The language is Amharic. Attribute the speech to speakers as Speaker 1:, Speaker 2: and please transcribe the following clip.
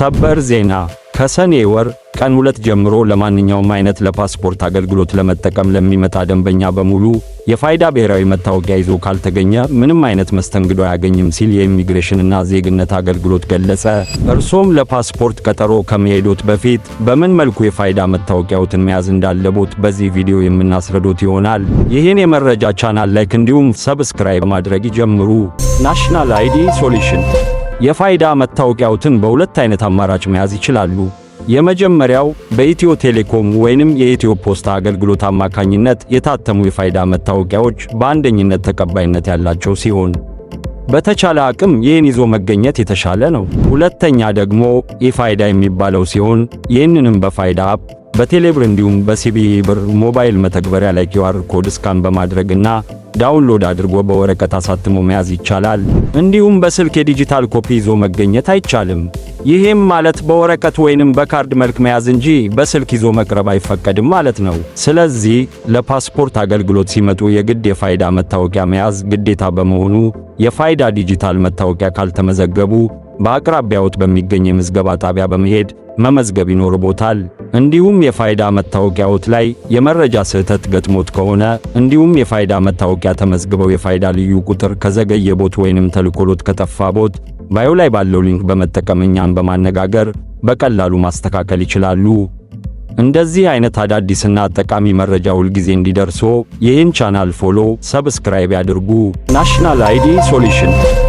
Speaker 1: ሰበር ዜና ከሰኔ ወር ቀን ሁለት ጀምሮ ለማንኛውም አይነት ለፓስፖርት አገልግሎት ለመጠቀም ለሚመጣ ደንበኛ በሙሉ የፋይዳ ብሔራዊ መታወቂያ ይዞ ካልተገኘ ምንም አይነት መስተንግዶ አያገኝም ሲል የኢሚግሬሽንና ዜግነት አገልግሎት ገለጸ። እርሶም ለፓስፖርት ቀጠሮ ከመሄዶት በፊት በምን መልኩ የፋይዳ መታወቂያዎትን መያዝ እንዳለቦት በዚህ ቪዲዮ የምናስረዶት ይሆናል። ይህን የመረጃ ቻናል ላይክ እንዲሁም ሰብስክራይብ ማድረግ ይጀምሩ። ናሽናል አይዲ ሶሉሽን የፋይዳ መታወቂያዎትን በሁለት አይነት አማራጭ መያዝ ይችላሉ። የመጀመሪያው በኢትዮ ቴሌኮም ወይንም የኢትዮ ፖስታ አገልግሎት አማካኝነት የታተሙ የፋይዳ መታወቂያዎች በአንደኝነት ተቀባይነት ያላቸው ሲሆን በተቻለ አቅም ይህን ይዞ መገኘት የተሻለ ነው። ሁለተኛ ደግሞ ኢፋይዳ የሚባለው ሲሆን ይህንንም በፋይዳ አፕ በቴሌብር እንዲሁም በሲቢ ብር ሞባይል መተግበሪያ ላይ ኪዋር ኮድ ስካን በማድረግና ዳውንሎድ አድርጎ በወረቀት አሳትሞ መያዝ ይቻላል። እንዲሁም በስልክ የዲጂታል ኮፒ ይዞ መገኘት አይቻልም። ይህም ማለት በወረቀት ወይንም በካርድ መልክ መያዝ እንጂ በስልክ ይዞ መቅረብ አይፈቀድም ማለት ነው። ስለዚህ ለፓስፖርት አገልግሎት ሲመጡ የግድ የፋይዳ መታወቂያ መያዝ ግዴታ በመሆኑ የፋይዳ ዲጂታል መታወቂያ ካልተመዘገቡ በአቅራቢያዎት በሚገኝ የምዝገባ ጣቢያ በመሄድ መመዝገብ ይኖርቦታል። እንዲሁም የፋይዳ መታወቂያዎት ላይ የመረጃ ስህተት ገጥሞት ከሆነ እንዲሁም የፋይዳ መታወቂያ ተመዝግበው የፋይዳ ልዩ ቁጥር ከዘገየ ቦት ወይንም ተልኮሎት ከጠፋ ቦት ባዮ ላይ ባለው ሊንክ በመጠቀም እኛን በማነጋገር በቀላሉ ማስተካከል ይችላሉ። እንደዚህ አይነት አዳዲስና ጠቃሚ መረጃ ሁልጊዜ እንዲደርሶ ይህን ቻናል ፎሎ፣ ሰብስክራይብ ያድርጉ። ናሽናል አይዲ ሶሉሽን